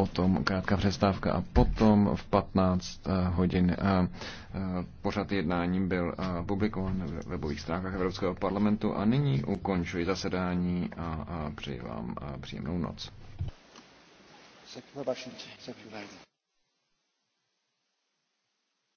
potom krátká přestávka a potom v 15 hodin pořad jednáním byl publikován na webových stránkách Evropského parlamentu a nyní ukončuji zasedání a přeji vám příjemnou noc.